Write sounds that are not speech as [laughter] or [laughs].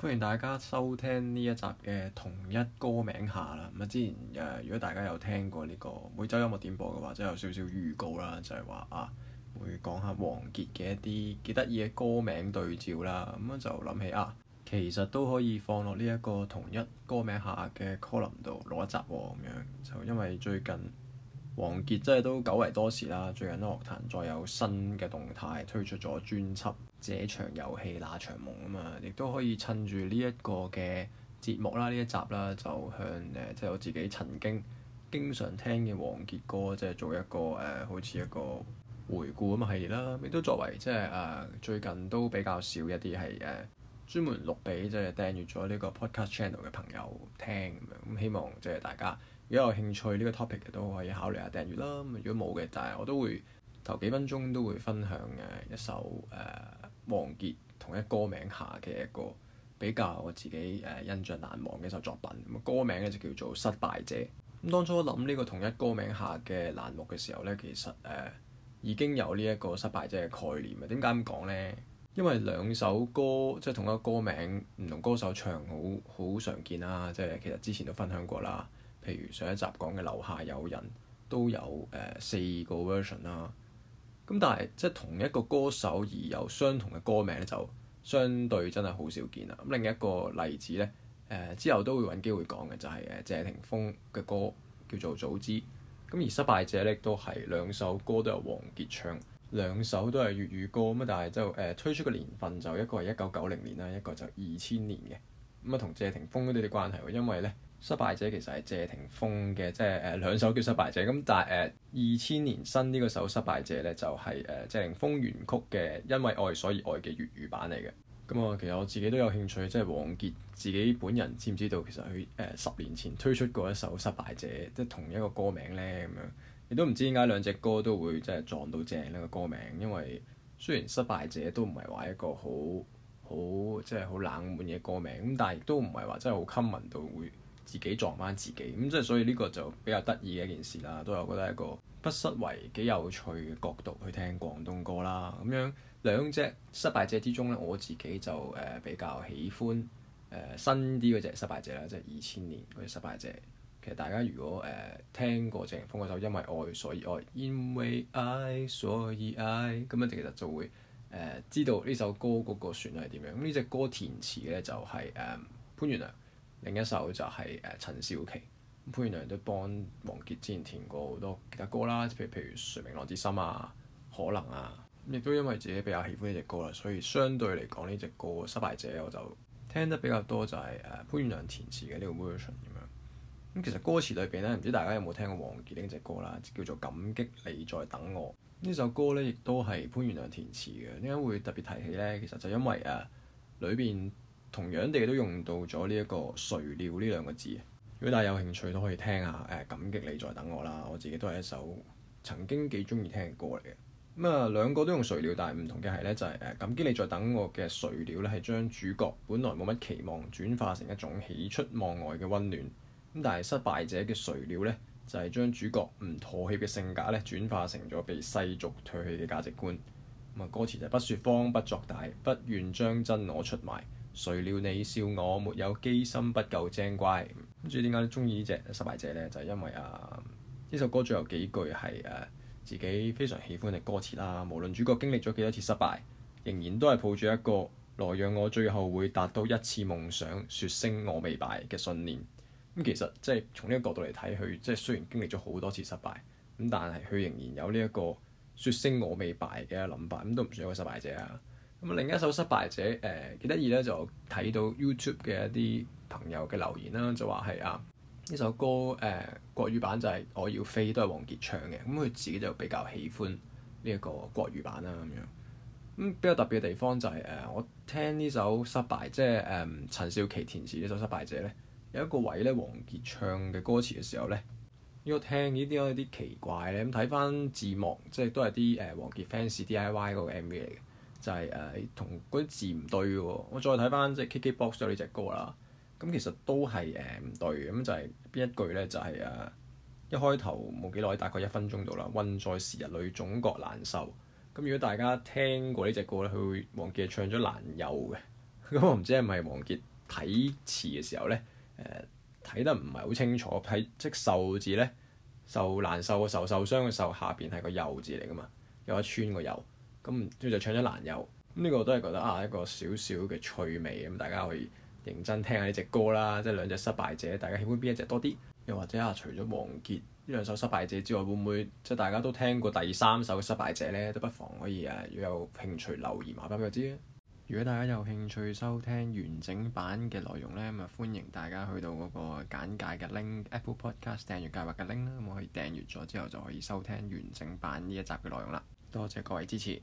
歡迎大家收聽呢一集嘅同一歌名下啦。咁啊，之前誒、啊，如果大家有聽過呢、這個每週音樂點播嘅話，就有少少預告啦，就係、是、話啊，會講下王傑嘅一啲幾得意嘅歌名對照啦。咁、嗯、啊，就諗起啊，其實都可以放落呢一個同一歌名下嘅 column 度攞一集喎、哦。咁樣就因為最近。王傑即係都久違多時啦，最近都樂壇再有新嘅動態，推出咗專輯《這場遊戲那場夢》啊嘛，亦都可以趁住呢一個嘅節目啦，呢一集啦，就向誒即係我自己曾經經常聽嘅王傑歌，即係做一個誒、呃、好似一個回顧咁嘅系列啦，亦都作為即係啊最近都比較少一啲係誒專門錄俾即係訂閱咗呢個 podcast channel 嘅朋友聽咁樣，咁希望即係大家。如果有興趣呢、這個 topic 都可以考慮下訂閱啦。如果冇嘅，但係我都會頭幾分鐘都會分享嘅一首誒、呃、王傑同一歌名下嘅一個比較我自己誒、呃、印象難忘嘅一首作品。歌名咧就叫做《失敗者》。咁當初我諗呢個同一歌名下嘅欄目嘅時候呢，其實誒、呃、已經有呢一個失敗者嘅概念啊。點解咁講呢？因為兩首歌即係同一歌名唔同歌手唱，好好常見啦。即係其實之前都分享過啦。譬如上一集講嘅樓下有人都有誒、呃、四個 version 啦，咁但係即係同一個歌手而有相同嘅歌名咧，就相對真係好少見啦。咁另一個例子咧，誒、呃、之後都會揾機會講嘅就係、是、誒謝霆鋒嘅歌叫做《早知》，咁而《失敗者》呢咧都係兩首歌都有王傑唱，兩首都係粵語歌，咁但係就誒、呃、推出嘅年份就一個係一九九零年啦，一個就二千年嘅，咁啊同謝霆鋒都有啲關係喎，因為咧。失敗者其實係謝霆鋒嘅，即係誒、呃、兩首叫失敗者咁，但係誒二千年新呢個首失敗者咧就係、是、誒、呃、謝霆鋒原曲嘅《因為愛所以愛》嘅粵語版嚟嘅。咁啊，其實我自己都有興趣，即係王傑自己本人知唔知道其實佢誒、呃、十年前推出過一首失敗者，即係同一個歌名咧咁樣。你都唔知點解兩隻歌都會即係撞到正呢、那個歌名，因為雖然失敗者都唔係話一個好好即係好冷門嘅歌名，咁但係亦都唔係話真係好襟聞到會。自己撞翻自己咁，即係所以呢個就比較得意嘅一件事啦，都有覺得一個不失為幾有趣嘅角度去聽廣東歌啦。咁樣兩隻失敗者之中呢，我自己就誒、呃、比較喜歡誒、呃、新啲嗰隻失敗者啦，即係二千年嗰隻失敗者。其實大家如果誒、呃、聽過謝霆鋒嗰首因為愛所以愛，因為愛所以愛，咁樣其實就會誒、呃、知道呢首歌嗰個旋律係點樣。呢隻歌填詞呢，就係、是、誒、呃、潘源良。另一首就係、是、誒、呃、陳少琪，潘源良都幫王傑之前填過好多其他歌啦，譬如譬如《誰明浪子心》啊，《可能》啊，亦都因為自己比較喜歡呢隻歌啦，所以相對嚟講呢隻歌《失敗者》我就聽得比較多、就是，就係誒潘源良填詞嘅呢、這個 version 咁樣。咁、嗯、其實歌詞裏邊咧，唔知大家有冇聽過王傑呢隻歌啦，叫做《感激你在等我》呢首歌咧，亦都係潘源良填詞嘅。點解會特別提起咧？其實就因為誒裏邊。啊同樣地都用到咗呢一個垂料呢兩個字。如果大家有興趣都可以聽下誒，感激你在等我啦，我自己都係一首曾經幾中意聽嘅歌嚟嘅。咁、嗯、啊，兩個都用垂料，但係唔同嘅係呢，就係、是、誒，感激你在等我嘅垂料呢係將主角本來冇乜期望轉化成一種喜出望外嘅溫暖。咁但係失敗者嘅垂料呢，就係、是、將主角唔妥協嘅性格呢轉化成咗被世俗唾棄嘅價值觀。咁、嗯、啊，歌詞就不説謊不作大，不願將真我出賣。誰料你笑我沒有機心不夠精乖，唔知點解鍾意呢隻失敗者呢？就係、是、因為啊，呢首歌最後幾句係誒、啊、自己非常喜歡嘅歌詞啦。無論主角經歷咗幾多次失敗，仍然都係抱住一個來讓我最後會達到一次夢想，説聲我未敗嘅信念。咁、嗯、其實即係、就是、從呢個角度嚟睇，佢即係雖然經歷咗好多次失敗，咁但係佢仍然有呢、這、一個説聲我未敗嘅諗法，咁都唔算一個失敗者啊。咁另一首《失敗者》呃，誒幾得意咧，就睇到 YouTube 嘅一啲朋友嘅留言啦，就話係啊呢首歌誒、呃、國語版就係我要飛，都係王傑唱嘅。咁、嗯、佢自己就比較喜歡呢一個國語版啦，咁樣咁、嗯、比較特別嘅地方就係、是、誒、呃、我聽呢首《失敗》即，即係誒陳少琪填詞呢首《失敗者》咧，有一個位咧，王傑唱嘅歌詞嘅時候咧，呢個聽呢啲有啲奇怪咧。咁睇翻字幕，即係都係啲誒王傑 fans D I Y 嗰個 M V 嚟嘅。就係誒同嗰啲字唔對喎、哦，我再睇翻即係 K K Box 咗呢隻歌啦，咁其實都係誒唔對，咁就係邊一句咧？就係、是、誒、啊、一開頭冇幾耐，大概一分鐘到啦。困在時日裏，總覺難受。咁如果大家聽過呢隻歌咧，佢會忘記 [laughs] 是是王傑唱咗「難幼」。嘅。咁我唔知係咪王傑睇詞嘅時候咧誒睇得唔係好清楚，睇即係受字咧受難受嘅受，受傷嘅受，下邊係個「幼」字嚟噶嘛，有一串個「幼」。咁佢就唱咗《難友》，呢個都係覺得啊，一個少少嘅趣味咁，大家可以認真聽下呢隻歌啦。即係兩隻失敗者，大家喜歡邊一隻多啲？又或者啊，除咗王傑呢兩首失敗者之外，會唔會即係大家都聽過第三首嘅失敗者呢？都不妨可以啊，要有興趣留言話俾我不不不不知啊。如果大家有興趣收聽完整版嘅內容呢，咁啊歡迎大家去到嗰個簡介嘅 link Apple Podcast 訂閱計劃嘅 link 啦，咁可以訂閱咗之後就可以收聽完整版呢一集嘅內容啦。多謝各位支持！